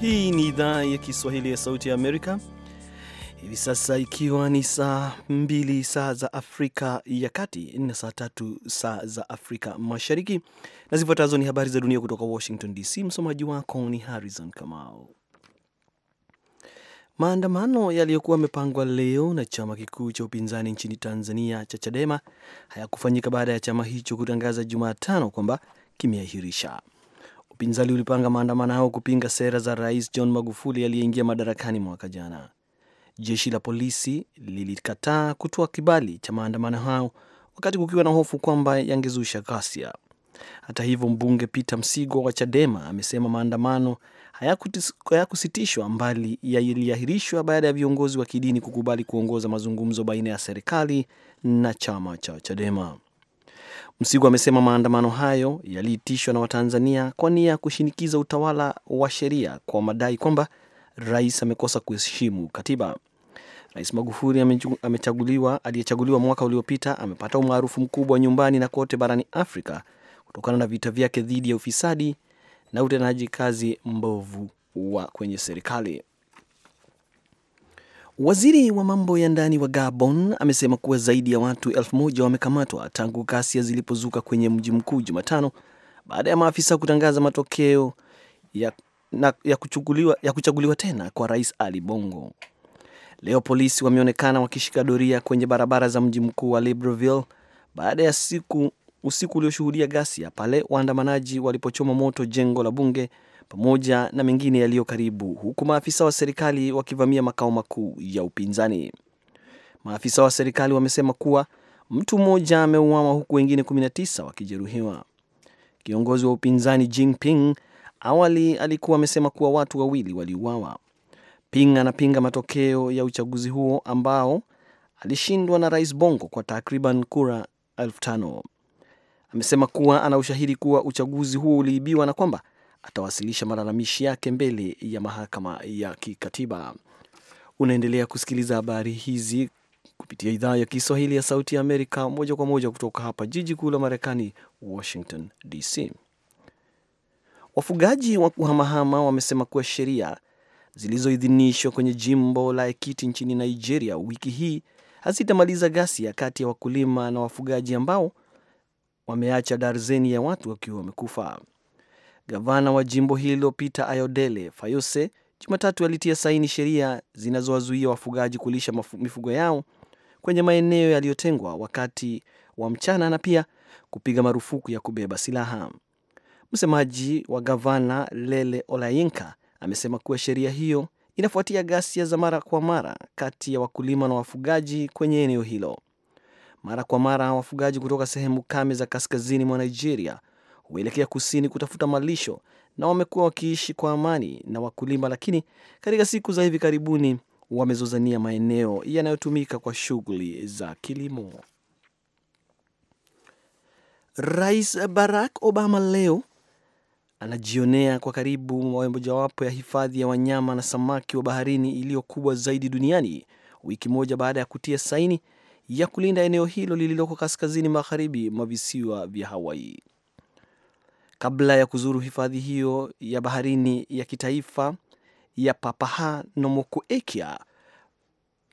Hii ni idhaa ya Kiswahili ya Sauti ya Amerika, hivi sasa ikiwa ni saa mbili saa za Afrika ya Kati na saa tatu saa za Afrika Mashariki, na zifuatazo ni habari za dunia kutoka Washington DC. Msomaji wako ni Harrison Kamau. Maandamano yaliyokuwa yamepangwa leo na chama kikuu cha upinzani nchini Tanzania cha Chadema hayakufanyika baada ya chama hicho kutangaza Jumatano kwamba kimeahirisha Upinzani ulipanga maandamano hayo kupinga sera za Rais John Magufuli aliyeingia madarakani mwaka jana. Jeshi la polisi lilikataa kutoa kibali cha maandamano hayo wakati kukiwa na hofu kwamba yangezusha ghasia. Hata hivyo, mbunge Peter Msigwa wa Chadema amesema maandamano hayakusitishwa mbali yaliahirishwa baada ya viongozi wa kidini kukubali kuongoza mazungumzo baina ya serikali na chama cha Chadema. Msigu amesema maandamano hayo yaliitishwa na Watanzania kwa nia ya kushinikiza utawala wa sheria kwa madai kwamba rais amekosa kuheshimu katiba. Rais Magufuli amechaguliwa aliyechaguliwa mwaka uliopita amepata umaarufu mkubwa nyumbani na kote barani Afrika kutokana na vita vyake dhidi ya ufisadi na utendaji kazi mbovu wa kwenye serikali. Waziri wa mambo ya ndani wa Gabon amesema kuwa zaidi ya watu elfu moja wamekamatwa tangu ghasia zilipozuka kwenye mji mkuu Jumatano baada ya maafisa kutangaza matokeo ya, na, ya, kuchaguliwa, ya kuchaguliwa tena kwa Rais Ali Bongo. Leo polisi wameonekana wakishika doria kwenye barabara za mji mkuu wa Libreville baada ya siku usiku ulioshuhudia ghasia pale waandamanaji walipochoma moto jengo la bunge pamoja na mengine yaliyo karibu, huku maafisa wa serikali wakivamia makao makuu ya upinzani. Maafisa wa serikali wamesema kuwa mtu mmoja ameuawa huku wengine 19 wakijeruhiwa. Kiongozi wa upinzani Jinping awali alikuwa amesema kuwa watu wawili waliuawa. Ping anapinga matokeo ya uchaguzi huo ambao alishindwa na Rais Bongo kwa takriban kura elfu tano. Amesema kuwa ana ushahidi kuwa uchaguzi huo uliibiwa na kwamba atawasilisha malalamishi yake mbele ya mahakama ya kikatiba. Unaendelea kusikiliza habari hizi kupitia idhaa ya Kiswahili ya Sauti ya Amerika, moja kwa moja kutoka hapa jiji kuu la Marekani, Washington DC. Wafugaji wa kuhamahama wamesema kuwa sheria zilizoidhinishwa kwenye jimbo la Ekiti nchini Nigeria wiki hii hazitamaliza ghasia kati ya wakulima na wafugaji ambao wameacha darzeni ya watu wakiwa wamekufa. Gavana wa jimbo hilo Peter Ayodele Fayose Jumatatu alitia saini sheria zinazowazuia wafugaji kulisha mifugo yao kwenye maeneo yaliyotengwa wakati wa mchana na pia kupiga marufuku ya kubeba silaha. Msemaji wa gavana Lele Olayinka amesema kuwa sheria hiyo inafuatia ghasia za mara kwa mara kati ya wakulima na wafugaji kwenye eneo hilo. Mara kwa mara wafugaji kutoka sehemu kame za kaskazini mwa Nigeria huelekea kusini kutafuta malisho na wamekuwa wakiishi kwa amani na wakulima, lakini katika siku za hivi karibuni wamezozania maeneo yanayotumika kwa shughuli za kilimo. Rais Barack Obama leo anajionea kwa karibu mojawapo ya hifadhi ya wanyama na samaki wa baharini iliyo kubwa zaidi duniani, wiki moja baada ya kutia saini ya kulinda eneo hilo lililoko kaskazini magharibi mwa visiwa vya Hawaii kabla ya kuzuru hifadhi hiyo ya baharini ya kitaifa ya papaha nomokuekia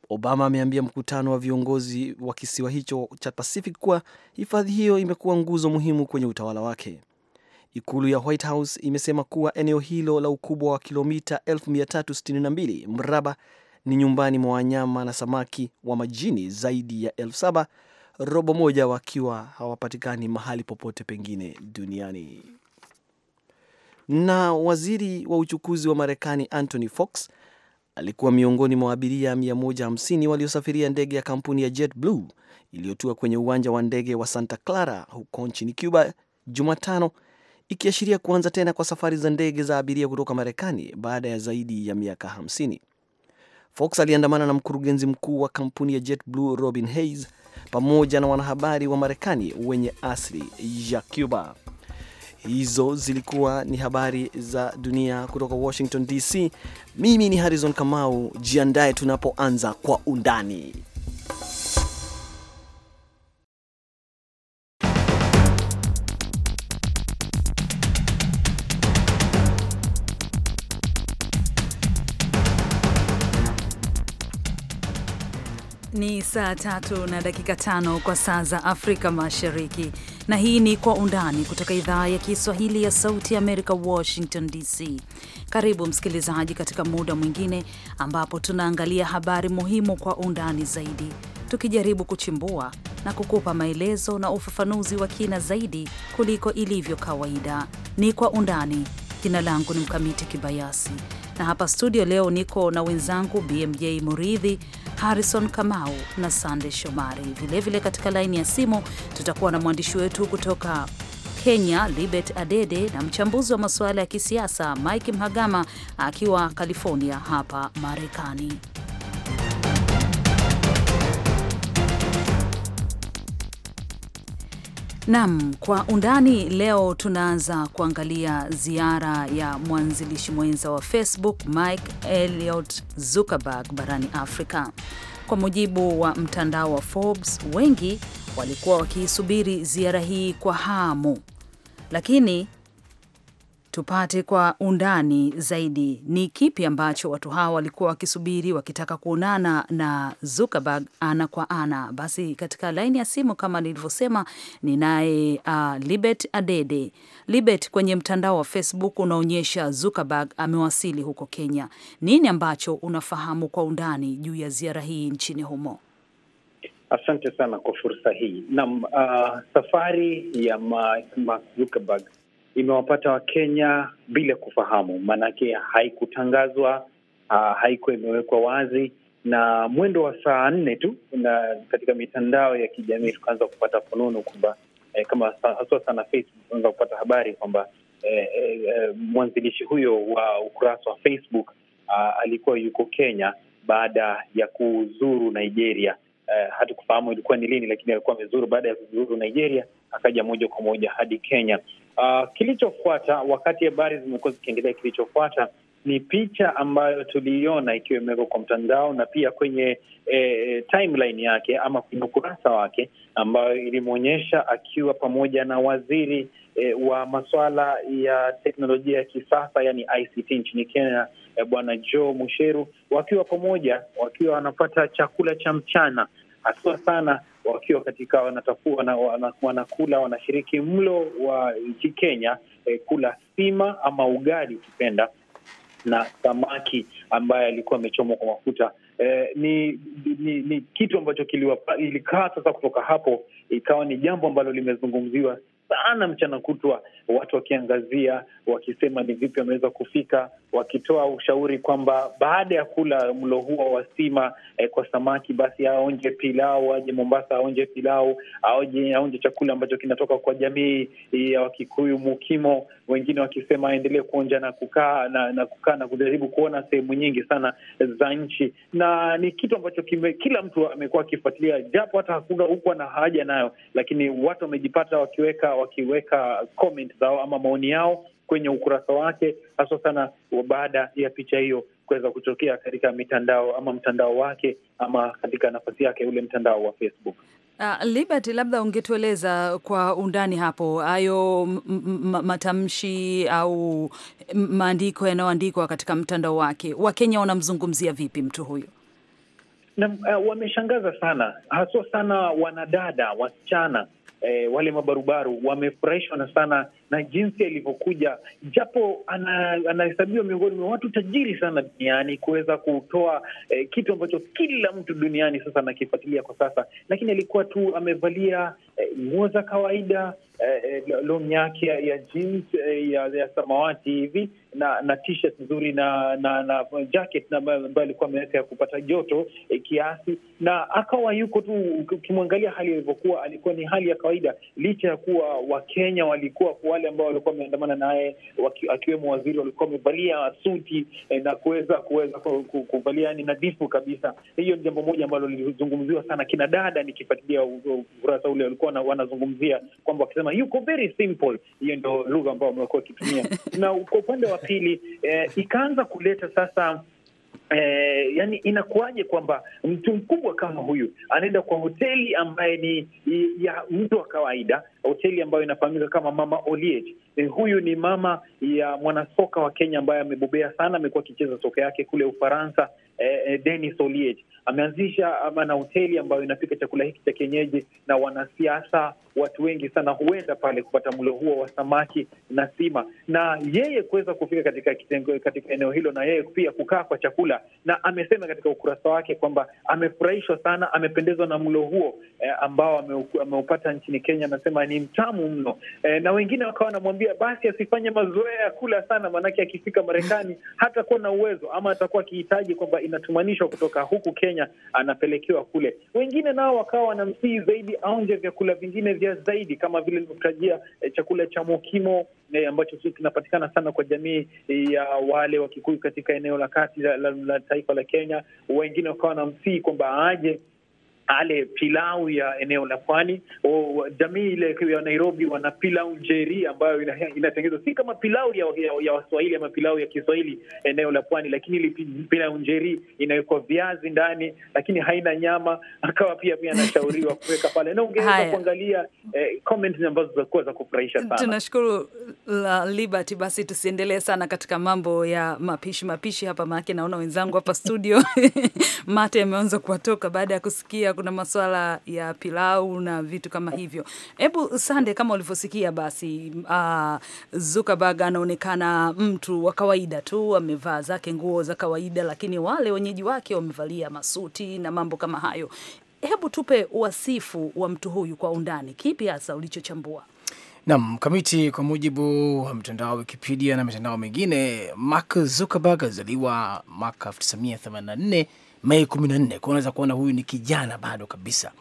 Obama ameambia mkutano wa viongozi wa kisiwa hicho cha Pacific kuwa hifadhi hiyo imekuwa nguzo muhimu kwenye utawala wake. Ikulu ya White House imesema kuwa eneo hilo la ukubwa wa kilomita 362 mraba ni nyumbani mwa wanyama na samaki wa majini zaidi ya elfu saba, robo moja wakiwa hawapatikani mahali popote pengine duniani na waziri wa uchukuzi wa Marekani Anthony Fox alikuwa miongoni mwa abiria 150 waliosafiria ndege ya kampuni ya JetBlue iliyotua kwenye uwanja wa ndege wa Santa Clara huko nchini Cuba Jumatano, ikiashiria kuanza tena kwa safari za ndege za abiria kutoka Marekani baada ya zaidi ya miaka 50. Fox aliandamana na mkurugenzi mkuu wa kampuni ya JetBlue Robin Hayes pamoja na wanahabari wa Marekani wenye asili ya Cuba. Hizo zilikuwa ni habari za dunia kutoka Washington DC. Mimi ni Harrison Kamau, jiandaye tunapoanza kwa undani Ni saa tatu na dakika tano kwa saa za Afrika Mashariki, na hii ni Kwa Undani kutoka idhaa ya Kiswahili ya Sauti ya Amerika, Washington DC. Karibu msikilizaji, katika muda mwingine ambapo tunaangalia habari muhimu kwa undani zaidi, tukijaribu kuchimbua na kukupa maelezo na ufafanuzi wa kina zaidi kuliko ilivyo kawaida. Ni Kwa Undani. Jina langu ni Mkamiti Kibayasi, na hapa studio leo niko na wenzangu BMJ Muridhi Harrison Kamau na Sande Shomari. Vilevile katika laini ya simu tutakuwa na mwandishi wetu kutoka Kenya Libet Adede na mchambuzi wa masuala ya kisiasa Mike Mhagama akiwa California hapa Marekani. Nam kwa undani leo, tunaanza kuangalia ziara ya mwanzilishi mwenza wa Facebook Mike eliot Zuckerberg barani Afrika. Kwa mujibu wa mtandao wa Forbes, wengi walikuwa wakiisubiri ziara hii kwa hamu, lakini tupate kwa undani zaidi ni kipi ambacho watu hawa walikuwa wakisubiri wakitaka kuonana na Zuckerberg ana kwa ana. Basi katika laini ya simu kama nilivyosema, ninaye uh, Libet Adede. Libet, kwenye mtandao wa Facebook unaonyesha Zuckerberg amewasili huko Kenya. Nini ambacho unafahamu kwa undani juu ya ziara hii nchini humo? Asante sana kwa fursa hii. Naam, uh, safari ya Mark Zuckerberg imewapata Wakenya bila kufahamu, maanake haikutangazwa, ah, haikuwa imewekwa wazi, na mwendo wa saa nne tu na katika mitandao ya kijamii tukaanza kupata fununu kwamba eh, kama haswa sana Facebook tunaanza kupata habari kwamba eh, eh, eh, mwanzilishi huyo wa ukurasa wa Facebook ah, alikuwa yuko Kenya baada ya kuzuru Nigeria. Uh, hatukufahamu ilikuwa ni lini, lakini alikuwa amezuru. Baada ya kuzuru Nigeria, akaja moja kwa moja hadi Kenya Uh, kilichofuata wakati habari zimekuwa zikiendelea, kilichofuata ni picha ambayo tuliiona ikiwa imewekwa kwa mtandao na pia kwenye e, timeline yake ama kwenye ukurasa wake ambayo ilimwonyesha akiwa pamoja na waziri e, wa masuala ya teknolojia ya kisasa yani ICT nchini Kenya e, Bwana Joe Musheru wakiwa pamoja wakiwa wanapata chakula cha mchana haswa sana wakiwa katika wanatafua na wanakula wanashiriki mlo wa nchi Kenya eh, kula sima ama ugali ukipenda na samaki ambaye alikuwa amechomwa kwa mafuta. Eh, ni, ni ni kitu ambacho ilikaa sasa. Kutoka hapo ikawa ni jambo ambalo limezungumziwa sana mchana kutwa, watu wakiangazia wakisema ni vipi wameweza kufika wakitoa ushauri kwamba baada ya kula mlo huo wa sima eh, kwa samaki, basi aonje pilau, aje Mombasa aonje pilau, aonje, aonje chakula ambacho kinatoka kwa jamii ya Wakikuyu Mukimo, wengine wakisema aendelee kuonja na kukaa na, na kukaa na kujaribu kuona sehemu nyingi sana za nchi, na ni kitu ambacho kime, kila mtu amekuwa akifuatilia, japo hata hakuna hukuwa na haja nayo, lakini watu wamejipata wakiweka wakiweka comment zao ama maoni yao kwenye ukurasa wake, haswa sana baada ya picha hiyo kuweza kutokea katika mitandao ama mtandao wake ama katika nafasi yake ule mtandao wa Facebook. Uh, Liberty, labda ungetueleza kwa undani hapo hayo matamshi au maandiko yanayoandikwa katika mtandao wake. Wakenya wanamzungumzia vipi mtu huyu? Na uh, eh, wameshangaza sana haswa sana wanadada wasichana, eh, wale mabarubaru wamefurahishwa na sana na jinsi alivyokuja, japo anahesabiwa ana miongoni mwa watu tajiri sana duniani kuweza kutoa eh, kitu ambacho kila mtu duniani sasa anakifuatilia kwa sasa, lakini alikuwa tu amevalia eh, nguo eh, za kawaida eh, eh long yake ya jeans eh, ya, ya samawati hivi na na t-shirt nzuri na na na jacket ambayo alikuwa ameweka ya kupata joto eh, kiasi, na akawa yuko tu. Ukimwangalia hali alivyokuwa, alikuwa ni hali ya kawaida, licha ya kuwa Wakenya walikuwa wale ambao walikuwa wameandamana naye akiwemo waziri walikuwa wamevalia suti eh, na kuweza kuweza kuvalia ni nadhifu kabisa. Hiyo ni jambo moja ambalo lilizungumziwa sana kina dada, nikifuatilia ukurasa ule walikuwa wanazungumzia kwamba wakisema yuko very simple. Hiyo ndio lugha ambayo wamekuwa wakitumia na kwa upande wa pili eh, ikaanza kuleta sasa Eh, yani inakuwaje kwamba mtu mkubwa kama huyu anaenda kwa hoteli ambaye ni ya mtu wa kawaida, hoteli ambayo inafahamika kama Mama Oliet. Eh, huyu ni mama ya mwanasoka wa Kenya ambaye amebobea sana, amekuwa akicheza soka yake kule Ufaransa Eh, eh, Denis Oliech ameanzisha ama na hoteli ambayo inapika chakula hiki cha kienyeji, na wanasiasa watu wengi sana huenda pale kupata mlo huo wa samaki na sima, na yeye kuweza kufika katika kitengo, katika eneo hilo, na yeye pia kukaa kwa chakula, na amesema katika ukurasa wake kwamba amefurahishwa sana, amependezwa na mlo huo eh, ambao ameupata nchini Kenya. Anasema ni mtamu mno eh, na wengine wakawa wanamwambia basi asifanye mazoea ya kula sana, maanake akifika Marekani hatakuwa na uwezo ama atakuwa akihitaji kwamba inatumanishwa kutoka huku Kenya anapelekewa kule. Wengine nao wakawa wanamsihi zaidi aonje vyakula vingine vya zaidi kama vile ilivyotajia eh, chakula cha mokimo eh, ambacho kinapatikana sana kwa jamii eh, ya wale wa Kikuyu katika eneo la kati la, la, la taifa la Kenya. Wengine wakawa wanamsihi kwamba aje ale pilau ya eneo la pwani. Jamii ile ya Nairobi wana pilau njeri ambayo inatengenezwa si kama pilau ya, ya, ya Waswahili ama pilau ya Kiswahili eneo la pwani, lakini ile pilau njeri inawekwa viazi ndani, lakini haina nyama. Akawa pia pia anashauriwa kuweka pale, na ungeweza kuangalia eh, comments ambazo zakuwa za kufurahisha sana. Tunashukuru la Liberty. Basi tusiendelee sana katika mambo ya mapishi mapishi hapa, maake naona wenzangu hapa studio mate ameanza kuwatoka baada ya kusikia kuna masuala ya pilau na vitu kama hivyo. Hebu Sande, kama ulivyosikia basi, uh, Zuckerberg anaonekana mtu wa kawaida tu, amevaa zake nguo za kawaida, lakini wale wenyeji wake wamevalia masuti na mambo kama hayo. Hebu tupe wasifu wa mtu huyu kwa undani, kipi hasa ulichochambua? Nam kamiti kwa mujibu wa mtandao wa Wikipedia na mitandao mingine, Mark Zuckerberg alizaliwa mwaka 1984 Mei 14 kwa unaweza kuona huyu ni kijana bado kabisa,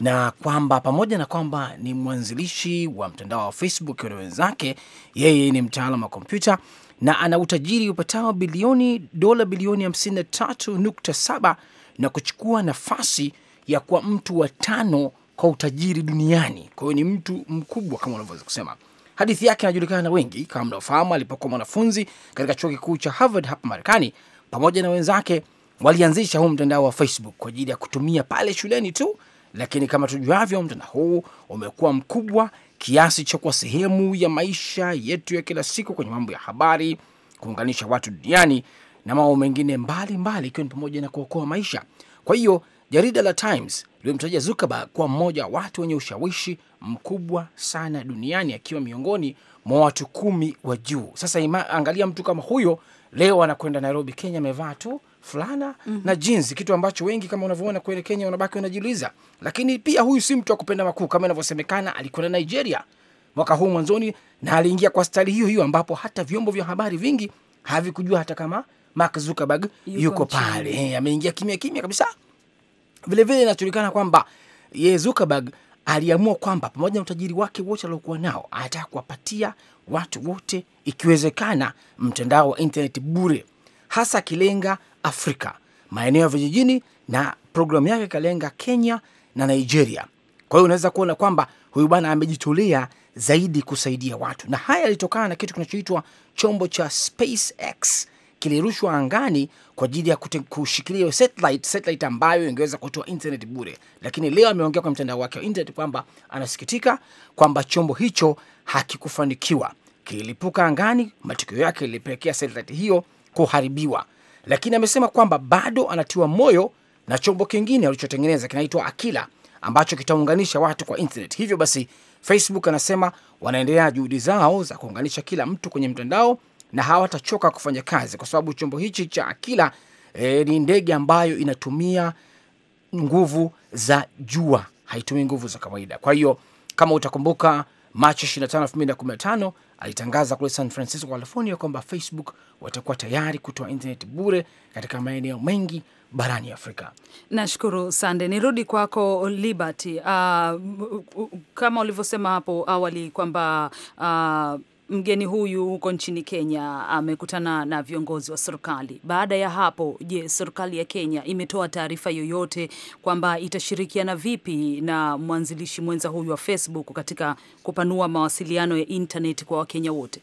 na kwamba pamoja na kwamba ni mwanzilishi wa mtandao wa Facebook na wenzake, yeye ni mtaalam wa kompyuta na ana utajiri upatao bilioni dola bilioni 53.7 na kuchukua nafasi ya kuwa mtu wa tano kwa utajiri duniani. Kwa hiyo ni mtu mkubwa kama unavyoweza kusema. Hadithi yake inajulikana na wengi kama mnaofahamu, alipokuwa mwanafunzi katika chuo kikuu cha Harvard hapa Marekani pamoja na wenzake walianzisha huu mtandao wa Facebook kwa ajili ya kutumia pale shuleni tu, lakini kama tujuavyo, mtandao huu umekuwa mkubwa kiasi cha kuwa sehemu ya maisha yetu ya kila siku kwenye mambo ya habari, kuunganisha watu duniani na mambo mengine mbalimbali, ikiwa ni pamoja na kuokoa maisha. Kwa hiyo jarida la Times limemtaja Zuckerberg kuwa mmoja wa watu wenye ushawishi mkubwa sana duniani akiwa miongoni mwa watu kumi wa juu. Sasa ima, angalia mtu kama huyo leo anakwenda Nairobi, Kenya, amevaa tu fulana mm -hmm. na jinsi, kitu ambacho wengi kama unavyoona kule Kenya wanabaki wanajiuliza. Lakini pia huyu si mtu wa kupenda makuu kama inavyosemekana, alikwenda Nigeria mwaka huu mwanzoni na aliingia kwa stali hiyo hiyo, ambapo hata vyombo vya habari vingi havikujua hata kama Mark Zuckerberg yuko, yuko pale, ameingia kimya kimya kabisa. Vilevile inajulikana kwamba ye Zuckerberg aliamua kwamba pamoja na utajiri wake wote aliokuwa nao anataka kuwapatia watu wote ikiwezekana mtandao wa internet bure, hasa akilenga Afrika, maeneo ya vijijini, na programu yake ikalenga Kenya na Nigeria. Kwa hiyo unaweza kuona kwamba huyu bwana amejitolea zaidi kusaidia watu, na haya yalitokana na kitu kinachoitwa chombo cha SpaceX kilirushwa angani kwa ajili ya kushikilia satellite, satellite ambayo ingeweza kutoa internet bure, lakini leo ameongea kwa mtandao wake wa internet kwamba anasikitika kwamba chombo hicho hakikufanikiwa, kilipuka angani. Matokeo yake ilipelekea satellite hiyo kuharibiwa lakini amesema kwamba bado anatiwa moyo na chombo kingine walichotengeneza kinaitwa Akila ambacho kitaunganisha watu kwa internet. Hivyo basi, Facebook anasema wanaendelea juhudi zao za kuunganisha kila mtu kwenye mtandao na hawatachoka kufanya kazi, kwa sababu chombo hichi cha Akila e, ni ndege ambayo inatumia nguvu za jua, haitumii nguvu za kawaida. Kwa hiyo kama utakumbuka Machi 25, 2015 alitangaza kule San Francisco, California kwamba Facebook watakuwa tayari kutoa internet bure katika maeneo mengi barani Afrika. Nashukuru Sande, nirudi kwako Liberty. Uh, kama ulivyosema hapo awali kwamba uh, mgeni huyu huko nchini Kenya amekutana na viongozi wa serikali. Baada ya hapo, je, serikali ya Kenya imetoa taarifa yoyote kwamba itashirikiana vipi na mwanzilishi mwenza huyu wa Facebook katika kupanua mawasiliano ya intaneti kwa Wakenya wote?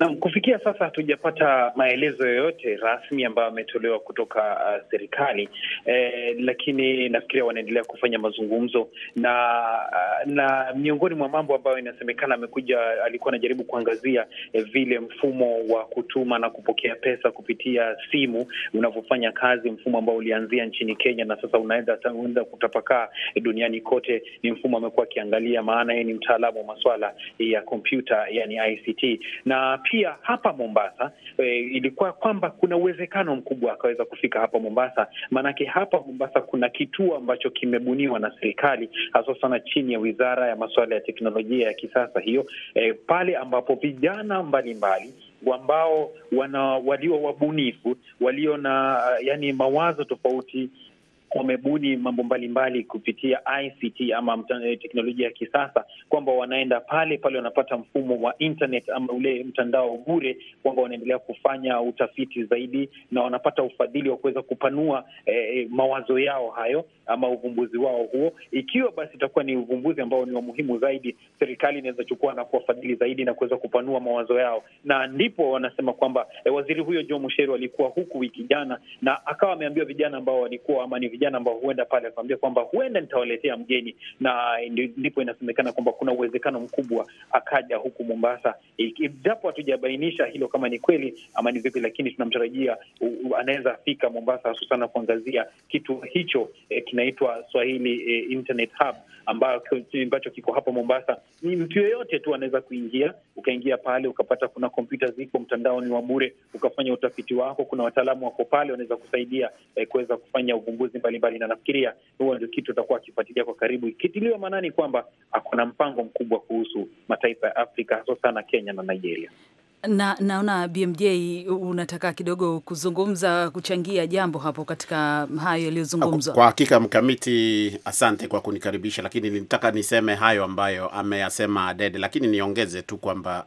Naam, kufikia sasa hatujapata maelezo yoyote rasmi ambayo ametolewa kutoka uh, serikali eh, lakini nafikiria wanaendelea kufanya mazungumzo na uh, na miongoni mwa mambo ambayo inasemekana amekuja alikuwa anajaribu kuangazia eh, vile mfumo wa kutuma na kupokea pesa kupitia simu unavyofanya kazi, mfumo ambao ulianzia nchini Kenya na sasa unaenda kutapakaa duniani kote. Ni mfumo amekuwa akiangalia, maana yeye ni mtaalamu wa maswala ya kompyuta, yani ICT na pia hapa Mombasa e, ilikuwa kwamba kuna uwezekano mkubwa akaweza kufika hapa Mombasa, maanake hapa Mombasa kuna kituo ambacho kimebuniwa na serikali haswa sana chini ya wizara ya masuala ya teknolojia ya kisasa hiyo, e, pale ambapo vijana mbalimbali ambao wana walio wabunifu walio na yani mawazo tofauti wamebuni mambo mbalimbali kupitia ICT ama eh, teknolojia ya kisasa, kwamba wanaenda pale pale wanapata mfumo wa internet ama ule mtandao bure, kwamba wanaendelea kufanya utafiti zaidi na wanapata ufadhili wa kuweza kupanua eh, mawazo yao hayo ama uvumbuzi wao huo. Ikiwa basi itakuwa ni uvumbuzi ambao ni wa muhimu zaidi, serikali inaweza chukua na kuwafadhili zaidi na kuweza kupanua mawazo yao, na ndipo wanasema kwamba eh, waziri huyo Joe msheru alikuwa huku wiki jana na akawa ameambiwa vijana ambao walikuwa ama ni vijana ambao huenda pale akawambia kwamba huenda nitawaletea mgeni, na ndipo inasemekana kwamba kuna uwezekano mkubwa akaja huku Mombasa, japo hatujabainisha hilo kama ni kweli ama ni vipi, lakini tunamtarajia anaweza fika Mombasa, hususana kuangazia kitu hicho eh, kinaitwa Swahili eh, Internet Hub ambacho ambacho kiko hapa Mombasa, ni mtu yeyote tu anaweza kuingia. Ukaingia pale ukapata, kuna kompyuta ziko mtandaoni wa bure, ukafanya utafiti wako. Kuna wataalamu wako pale wanaweza kusaidia eh, kuweza kufanya uvumbuzi mbalimbali, na nafikiria huo ndio kitu utakuwa akifuatilia kwa karibu, ikitiliwa maanani kwamba ako na mpango mkubwa kuhusu mataifa ya Afrika, hasa sana Kenya na Nigeria. Na naona BMJ unataka kidogo kuzungumza kuchangia jambo hapo katika hayo yaliyozungumzwa. Kwa hakika mkamiti, asante kwa kunikaribisha, lakini nilitaka niseme hayo ambayo ameyasema Dede, lakini niongeze tu kwamba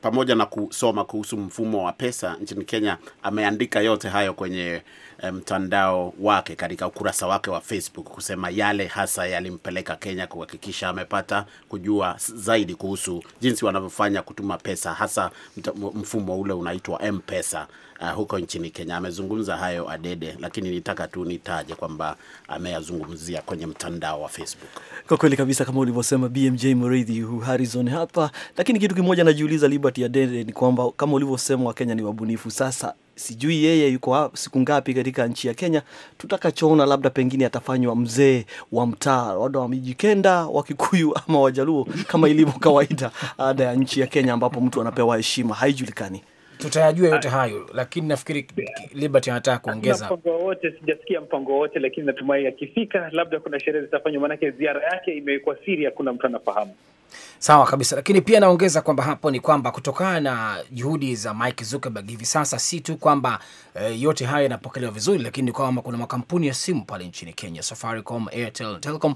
pamoja na kusoma kuhusu mfumo wa pesa nchini Kenya, ameandika yote hayo kwenye Eh, mtandao wake katika ukurasa wake wa Facebook kusema yale hasa yalimpeleka Kenya, kuhakikisha amepata kujua zaidi kuhusu jinsi wanavyofanya kutuma pesa, hasa mfumo ule unaitwa M-Pesa uh, huko nchini Kenya. Amezungumza hayo Adede, lakini nitaka tu nitaje kwamba ameyazungumzia kwenye mtandao wa Facebook. Kwa kweli kabisa, kama ulivyosema BMJ Murithi hu Harrison hapa, lakini kitu kimoja najiuliza Liberty Adede ni kwamba kama ulivyosema, Wakenya ni wabunifu sasa sijui yeye yuko siku ngapi katika nchi ya Kenya. Tutakachoona labda pengine atafanywa mzee wa mtaa labda wa Mijikenda, Kikuyu ama Wajaluo kama ilivyo kawaida ada ya nchi ya Kenya, ambapo mtu anapewa heshima, haijulikani tutayajua yote hayo, lakini nafikiri Liberty anataka kuongeza. Mpango wowote sijasikia mpango wowote, lakini natumai akifika, labda kuna sherehe zitafanywa, maanake ziara yake imekuwa siri, hakuna mtu anafahamu. Sawa kabisa, lakini pia naongeza kwamba hapo ni kwamba kutokana na juhudi za Mike Zuckerberg hivi sasa, si tu kwamba e, yote haya yanapokelewa vizuri, lakini ni kwamba kuna makampuni ya simu pale nchini Kenya, Safaricom, Airtel, Telecom,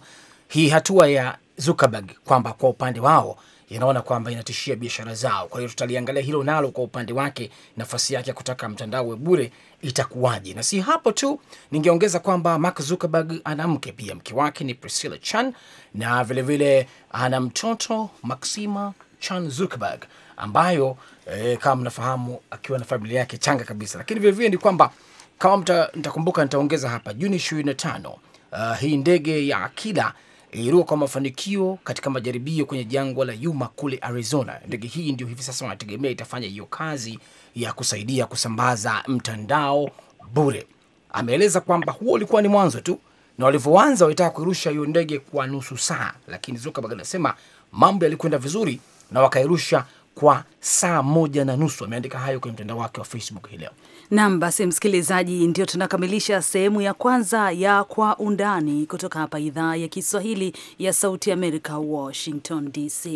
hii hatua ya Zuckerberg kwamba kwa upande wao yanaona kwamba inatishia biashara zao. Kwa hiyo tutaliangalia hilo nalo kwa upande wake, nafasi yake ya kutaka mtandao we bure itakuwaje. Na si hapo tu, ningeongeza kwamba Mark Zuckerberg ana mke pia, mke wake ni Priscilla Chan na vilevile vile ana mtoto Maxima Chan Zuckerberg ambayo eh, kama mnafahamu akiwa na familia yake changa kabisa, lakini vilevile ni kwamba kama mtakumbuka, nitaongeza hapa Juni 25 uh, ah, hii ndege ya Akila iliruka kwa mafanikio katika majaribio kwenye jangwa la Yuma kule Arizona. Ndege hii ndio hivi sasa wanategemea itafanya hiyo kazi ya kusaidia kusambaza mtandao bure. Ameeleza kwamba huo ulikuwa ni mwanzo tu, na walivyoanza walitaka kuirusha hiyo ndege kwa nusu saa, lakini Zuckerberg anasema mambo yalikwenda vizuri na wakairusha kwa saa moja na nusu. Ameandika hayo kwenye mtandao wake wa Facebook hii leo. Nam, basi msikilizaji, ndio tunakamilisha sehemu ya kwanza ya Kwa Undani kutoka hapa idhaa ya Kiswahili ya Sauti Amerika, Washington DC.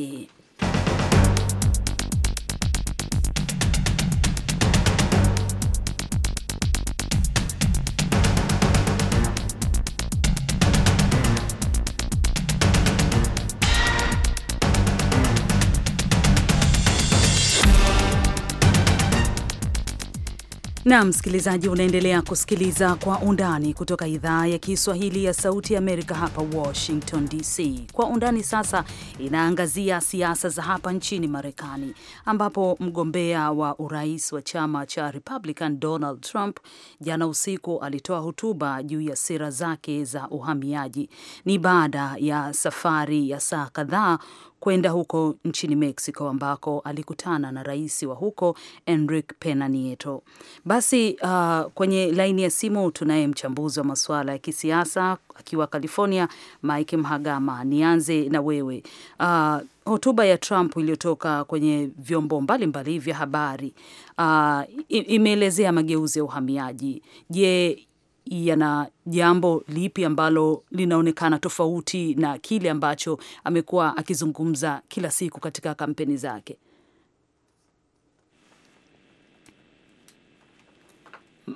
Na msikilizaji, unaendelea kusikiliza Kwa Undani kutoka idhaa ya Kiswahili ya Sauti ya Amerika hapa Washington DC. Kwa Undani sasa inaangazia siasa za hapa nchini Marekani, ambapo mgombea wa urais wa chama cha Republican Donald Trump jana usiku alitoa hotuba juu ya sera zake za uhamiaji. Ni baada ya safari ya saa kadhaa kwenda huko nchini Mexico ambako alikutana na rais wa huko Enrique Pena Nieto. Basi uh, kwenye laini ya simu tunaye mchambuzi wa masuala ya kisiasa akiwa California, Mike Mhagama. Nianze na wewe uh, hotuba ya Trump iliyotoka kwenye vyombo mbalimbali vya habari uh, imeelezea mageuzi ya uhamiaji. Je, yana jambo lipi ambalo linaonekana tofauti na kile ambacho amekuwa akizungumza kila siku katika kampeni zake.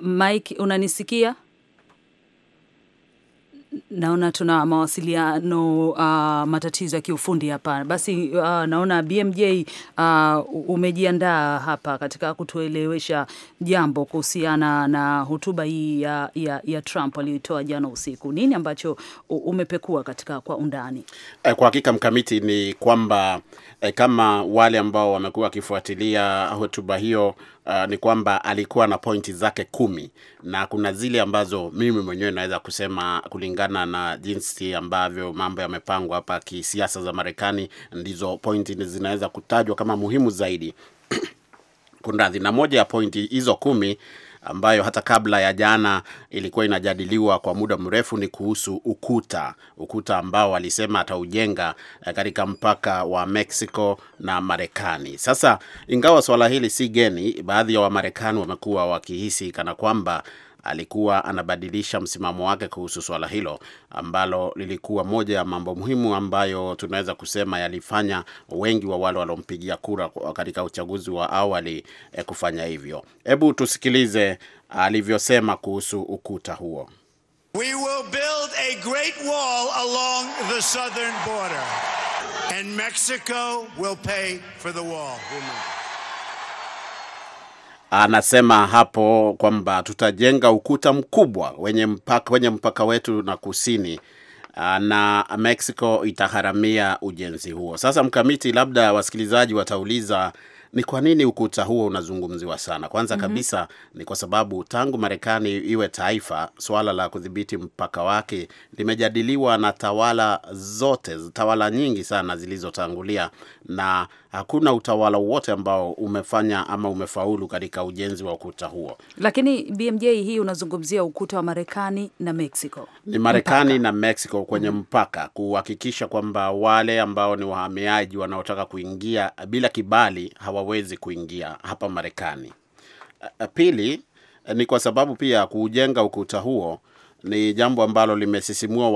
Mike, unanisikia? naona tuna mawasiliano uh, matatizo ya kiufundi hapa. Basi uh, naona BMJ uh, umejiandaa hapa katika kutuelewesha jambo kuhusiana na hotuba hii ya, ya, ya Trump aliyoitoa jana usiku. Nini ambacho umepekua katika kwa undani? Eh, kwa hakika mkamiti ni kwamba eh, kama wale ambao wamekuwa wakifuatilia hotuba hiyo uh, ni kwamba alikuwa na pointi zake kumi na kuna zile ambazo mimi mwenyewe naweza kusema kulingana na jinsi ambavyo mambo yamepangwa hapa kisiasa za Marekani, ndizo pointi zinaweza kutajwa kama muhimu zaidi kunradhi, na moja ya pointi hizo kumi ambayo hata kabla ya jana ilikuwa inajadiliwa kwa muda mrefu ni kuhusu ukuta, ukuta ambao alisema ataujenga eh, katika mpaka wa Mexico na Marekani. Sasa, ingawa swala hili si geni, baadhi ya Wamarekani wamekuwa wakihisi kana kwamba alikuwa anabadilisha msimamo wake kuhusu swala hilo ambalo lilikuwa moja ya mambo muhimu ambayo tunaweza kusema yalifanya wengi wa wale waliompigia kura katika uchaguzi wa awali eh, kufanya hivyo. Hebu tusikilize alivyosema kuhusu ukuta huo. We will build a great wall along the southern border and Mexico will pay for the wall anasema hapo kwamba tutajenga ukuta mkubwa wenye mpaka, wenye mpaka wetu na kusini ah, na Mexico itaharamia ujenzi huo. Sasa mkamiti, labda wasikilizaji watauliza ni kwa nini ukuta huo unazungumziwa sana? Kwanza mhm. kabisa mm -hmm. ni kwa sababu tangu Marekani iwe taifa, swala la kudhibiti mpaka wake limejadiliwa na tawala zote, tawala nyingi sana zilizotangulia, na hakuna utawala wote ambao umefanya ama umefaulu katika ujenzi wa ukuta huo. Lakini BMJ, hii unazungumzia ukuta wa Marekani na Mexico, ni Marekani na Mexico kwenye mm -hmm. mpaka, kuhakikisha kwamba wale ambao ni wahamiaji wanaotaka kuingia bila kibali hawa hawawezi kuingia hapa Marekani. Eh, pili eh, ni kwa sababu pia kuujenga ukuta huo ni jambo ambalo limesisimua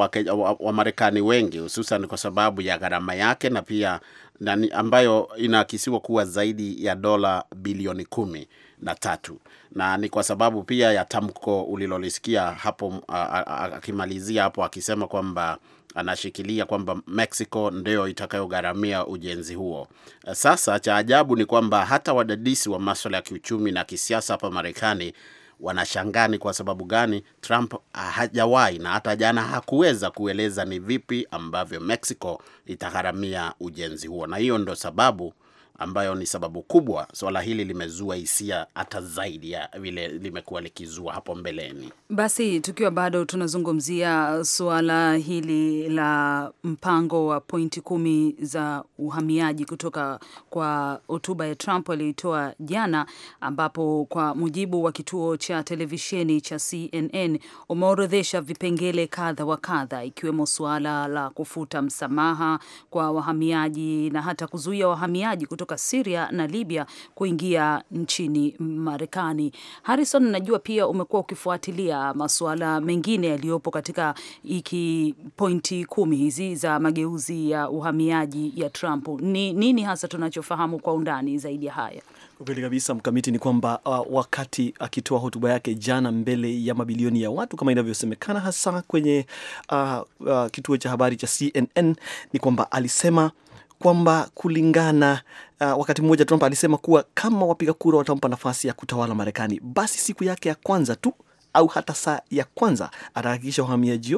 Wamarekani wa, wa wengi hususan kwa sababu ya gharama yake na pia na, ambayo inaakisiwa kuwa zaidi ya dola bilioni kumi na tatu na ni kwa sababu pia ya tamko ulilolisikia hapo akimalizia hapo akisema kwamba anashikilia kwamba Mexico ndio itakayogharamia ujenzi huo. Sasa cha ajabu ni kwamba hata wadadisi wa maswala ya kiuchumi na kisiasa hapa Marekani wanashangani kwa sababu gani Trump hajawahi na hata jana hakuweza kueleza ni vipi ambavyo Mexico itagharamia ujenzi huo, na hiyo ndo sababu ambayo ni sababu kubwa swala hili limezua hisia hata zaidi ya vile limekuwa likizua hapo mbeleni. Basi tukiwa bado tunazungumzia suala hili la mpango wa pointi kumi za uhamiaji kutoka kwa hotuba ya Trump aliyoitoa jana, ambapo kwa mujibu wa kituo cha televisheni cha CNN umeorodhesha vipengele kadha wa kadha, ikiwemo suala la kufuta msamaha kwa wahamiaji na hata kuzuia wahamiaji kutoka kutoka Syria na Libya kuingia nchini Marekani. Harrison, najua pia umekuwa ukifuatilia masuala mengine yaliyopo katika iki pointi kumi hizi za mageuzi ya uhamiaji ya Trump. Ni nini hasa tunachofahamu kwa undani zaidi ya haya? Kweli kabisa mkamiti ni kwamba uh, wakati akitoa hotuba yake jana mbele ya mabilioni ya watu kama inavyosemekana hasa kwenye uh, uh, kituo cha habari cha CNN ni kwamba alisema kwamba kulingana uh, wakati mmoja Trump alisema kuwa kama wapiga kura watampa nafasi ya kutawala Marekani, basi siku yake ya kwanza tu au hata saa ya kwanza atahakikisha wahamiaji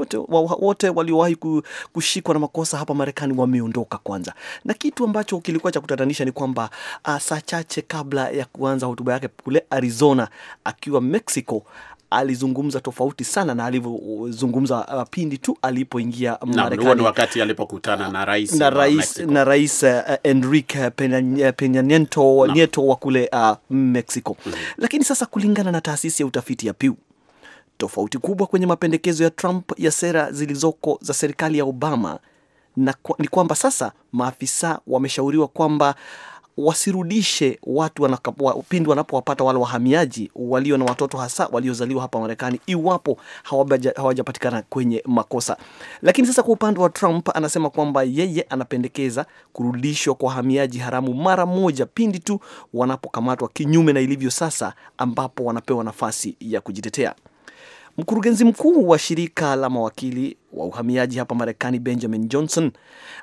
wote waliowahi kushikwa na makosa hapa Marekani wameondoka kwanza. Na kitu ambacho kilikuwa cha kutatanisha ni kwamba ah, saa chache kabla ya kuanza hotuba yake kule Arizona akiwa Mexico, alizungumza tofauti sana na alivyozungumza uh, pindi tu alipoingia Marekani, wakati alipokutana na rais na rais, na rais uh, Enrique Pena, uh, Nieto, Nieto wa kule uh, Mexico mm -hmm. Lakini sasa kulingana na taasisi ya utafiti ya Pew tofauti kubwa kwenye mapendekezo ya Trump ya sera zilizoko za serikali ya Obama na kwa, ni kwamba sasa maafisa wameshauriwa kwamba wasirudishe watu pindi wanapowapata wale wahamiaji walio na watoto hasa waliozaliwa hapa Marekani iwapo hawajapatikana kwenye makosa. Lakini sasa kwa upande wa Trump anasema kwamba yeye anapendekeza kurudishwa kwa wahamiaji haramu mara moja pindi tu wanapokamatwa, kinyume na ilivyo sasa ambapo wanapewa nafasi ya kujitetea. Mkurugenzi mkuu wa shirika la mawakili wa uhamiaji hapa Marekani, Benjamin Johnson,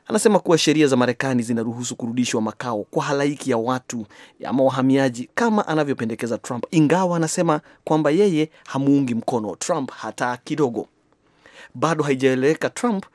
anasema kuwa sheria za Marekani zinaruhusu kurudishwa makao kwa halaiki ya watu ama wahamiaji kama anavyopendekeza Trump, ingawa anasema kwamba yeye hamuungi mkono Trump hata kidogo. Bado haijaeleweka Trump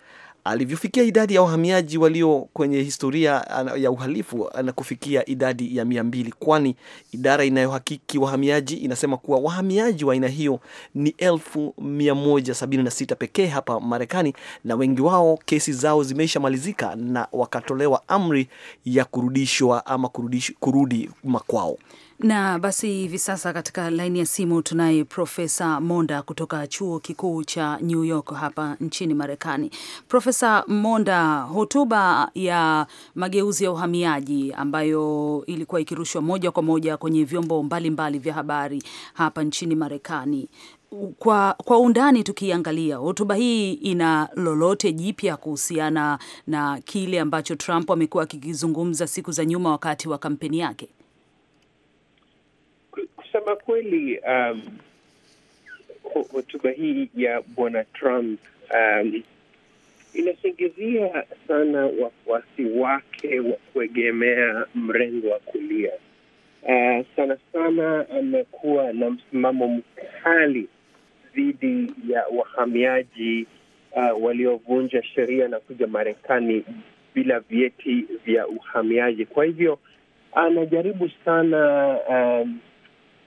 alivyofikia idadi ya wahamiaji walio kwenye historia ya uhalifu na kufikia idadi ya mia mbili, kwani idara inayohakiki wahamiaji inasema kuwa wahamiaji wa aina hiyo ni elfu mia moja sabini na sita pekee hapa Marekani, na wengi wao kesi zao zimeishamalizika na wakatolewa amri ya kurudishwa ama kurudi makwao. Na basi hivi sasa katika laini ya simu tunaye Profesa Monda kutoka chuo kikuu cha New York hapa nchini Marekani. Profesa Monda, hotuba ya mageuzi ya uhamiaji ambayo ilikuwa ikirushwa moja kwa moja kwenye vyombo mbalimbali vya habari hapa nchini Marekani, kwa, kwa undani tukiangalia hotuba hii ina lolote jipya kuhusiana na kile ambacho Trump amekuwa akikizungumza siku za nyuma wakati wa kampeni yake? kusema kweli, um, hotuba hii ya bwana Trump um, inasingizia sana wafuasi wake wa kuegemea mrengo wa kulia. Uh, sana sana amekuwa na msimamo mkali dhidi ya wahamiaji uh, waliovunja sheria na kuja Marekani bila vyeti vya uhamiaji. Kwa hivyo anajaribu sana um,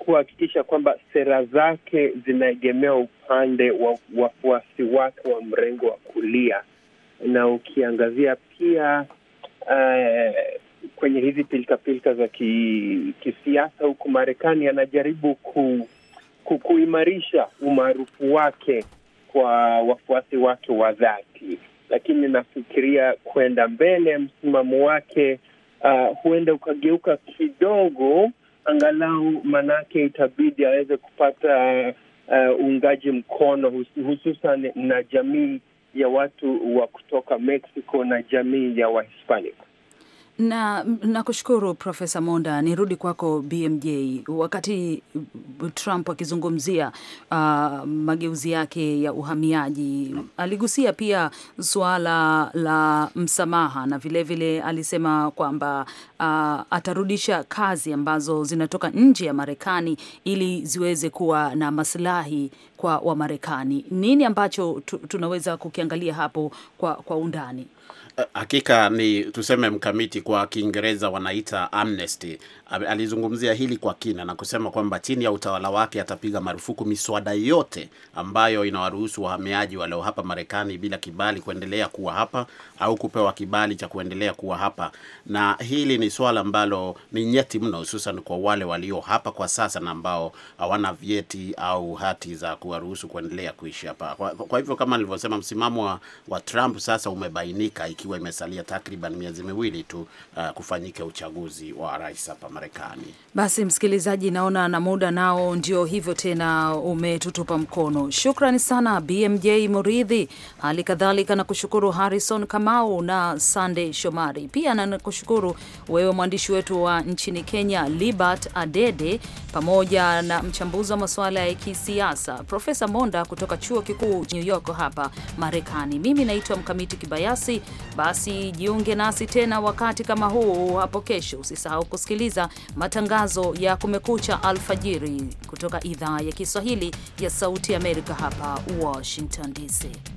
kuhakikisha kwamba sera zake zinaegemea upande wa wafuasi wake wa mrengo wa kulia, na ukiangazia pia uh, kwenye hizi pilikapilika za ki, kisiasa huku Marekani, anajaribu ku, ku, kuimarisha umaarufu wake kwa wafuasi wake wa dhati, lakini nafikiria kwenda mbele, msimamo wake uh, huenda ukageuka kidogo angalau manake itabidi aweze kupata uh, uungaji uh, mkono hususan na jamii ya watu wa kutoka Mexico na jamii ya Wahispanic na nakushukuru Profesa Monda. Nirudi kwako BMJ. Wakati Trump akizungumzia uh, mageuzi yake ya uhamiaji, aligusia pia suala la msamaha na vilevile vile alisema kwamba uh, atarudisha kazi ambazo zinatoka nje ya Marekani ili ziweze kuwa na masilahi kwa Wamarekani. Nini ambacho tu, tunaweza kukiangalia hapo kwa, kwa undani? Eh, hakika ni tuseme mkamiti kwa Kiingereza wanaita amnesty. Alizungumzia hili kwa kina na kusema kwamba chini ya utawala wake atapiga marufuku miswada yote ambayo inawaruhusu wahamiaji walio hapa Marekani bila kibali kuendelea kuwa hapa au kupewa kibali cha kuendelea kuwa hapa, na hili ni swala ambalo ni nyeti mno, hususan kwa wale walio hapa kwa sasa na ambao hawana vyeti au hati za kuwaruhusu kuendelea kuishi hapa. Kwa, kwa hivyo kama nilivyosema, msimamo wa, wa Trump sasa umebainika iki ikiwa imesalia takriban miezi miwili tu uh, kufanyika uchaguzi wa rais hapa Marekani. Basi msikilizaji, naona na muda nao ndio hivyo tena, umetutupa mkono. Shukrani sana BMJ Muridhi, hali kadhalika na kushukuru Harrison Kamau na Sande Shomari, pia kushukuru wewe mwandishi wetu wa nchini Kenya Libert Adede, pamoja na mchambuzi wa masuala ya kisiasa Profesa Monda kutoka chuo kikuu New York hapa Marekani. Mimi naitwa Mkamiti Kibayasi. Basi jiunge nasi tena wakati kama huu hapo kesho. Usisahau kusikiliza matangazo ya Kumekucha alfajiri kutoka idhaa ya Kiswahili ya Sauti ya Amerika hapa Washington DC.